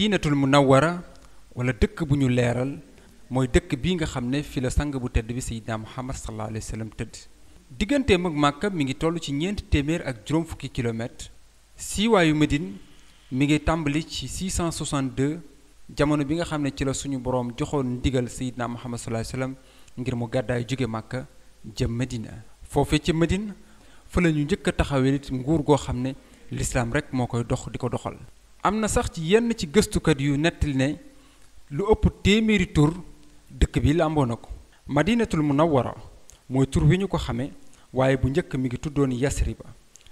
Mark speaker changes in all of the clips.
Speaker 1: madinatul munawwara wala dëkk bu ñu leeral mooy dëkk bii nga xam ne fi la sang bu tëdd bi sayyidina muhammad sallallahu alayhi wa tëdd digganteem mag màkka mi ngi toll ci ñeent téeméer ak juróom fukki kilomètre siiwaayu madine mi ngi tàmbali ci 662 jamono bi nga xam ne ci la suñu boroom joxoon ndigal sayyidina muhammad sallallahu alayhi wa sallam ngir mu gàddaay jóge màkka jëm madina foofee ci madine fa la ñu njëkk a nguur goo xam ne lislaam rekk moo koy dox di ko doxal am na sax ci yenn ci gëstukat yu nettali ne lu ëpp téeméeri tur dëkk bi làmboo na ko madinatul munawwara mooy tur wi ñu ko xamee waaye bu njëkk mi ngi tuddoon yasriba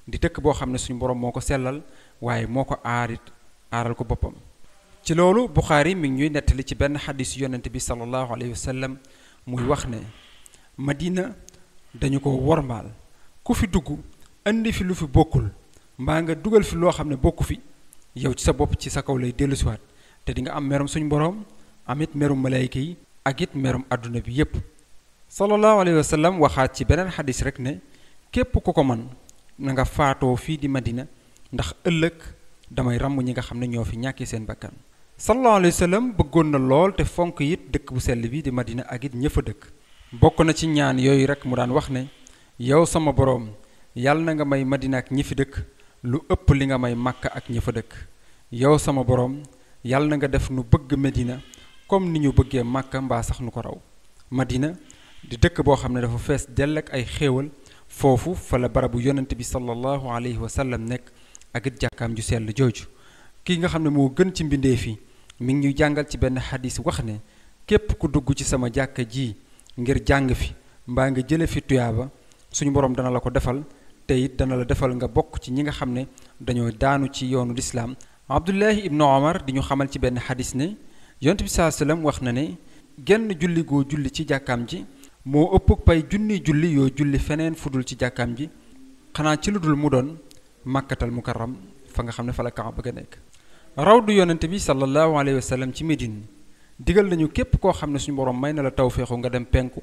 Speaker 1: di dëkk boo xam ne suñu borom moo ko sellal waaye moo ko aarit aaral ko boppam ci loolu buxaari mi ngi ñuy nettali ci benn xadis yonent bi sallallahu alayhi wa sallam muy wax ne madina dañu ko wormaal ku fi dugg indi fi lu fi bokkul mbaa nga dugal fi loo xam ne bokk fi yow ci sa bopp ci sa kaw lay dellusiwaat te dinga am merum suñ boroom amit merum malayka yi ak it merum àdduna bi yépp sallallahu alayhi wa sallam waxaat ci beneen xadis rek ne képp ku ko man na nga faatoo fii di madina ndax ëllëg damay ràmm ñi nga xam ne ñoo fi ñàkkee seen bakkan sa alayhi wa sallam bëggoon na lool te fonk it dëkk bu sell bi di madina ak it a dëkk bokk na ci ñaan yooyu rek mu daan wax ne yow sama boroom yàlla na nga may madina ñi fi dëkk lu ëpp li nga may màkk ak ña fa dëkk yow sama borom yàlla na nga def nu bëgg Medina comme ni ñu bëggee màkka mbaa sax nu ko raw Madina di dëkk boo xam ne dafa fees dell ak ay xéewal foofu fa la barabu yonent bi sallallahu alayhi wa sallam nekk ak it jàkkaam ju sell jooju kii nga xam ne moo gën ci mbindeef yi mi ngi jàngal ci benn xadis wax ne képp ku dugg ci sama jàkk ji ngir jàng fi mbaa ngi jële fi tuyaaba suñu borom dana la ko defal tey it dana la defal nga bokk ci ñi nga xam ne dañoo daanu ci yoonu lislaam abdullahi ibnu omar di ñu xamal ci benn xadis ne yonent bi saa sallam wax na ne genn julli goo julli ci jàkkaam ji moo ëpp pay junni julli yoo julli feneen fudul ci jàkkaam ji xanaa ci lu dul mu doon màkkatal mukarram fa nga xam ne fa la kaaba ga nekk raw du yonent bi sallallahu alayhi wa ci Médine digal nañu képp koo xam ne suñu borom may na la tawféexu nga dem penku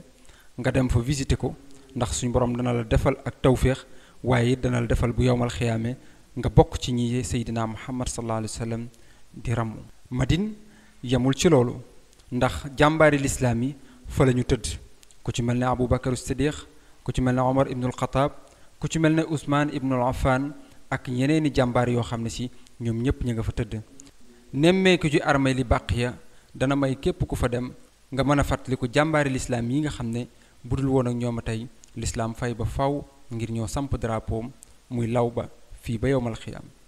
Speaker 1: nga dem fa visiter ko ndax suñu borom dana la defal ak tawféex waaye dana la defal bu yowmal xiyaame nga bokk ci ñi seydina muhammad sallallahu alayhi wa sallam di ramu madin yemul ci loolu ndax jàmbaari lislaam yi fa la ñu tëdd ku ci mel ne abu bakar siddiq ku ci mel ne omar ku ci mel ne usmaan ibnul affan ak yeneeni jàmbaar yoo xam ne si ñoom ñépp ñu nga fa tëdd nemmeeku ci armée li bàqiya dana may képp ku fa dem nga mën a fàttaliku jàmbaari lislaam yi nga xam ne budul woon ak ñoom a tey lislaam fay ba faw ngir ñoo samp drapeau muy law ba fii ba yowmal xiyaam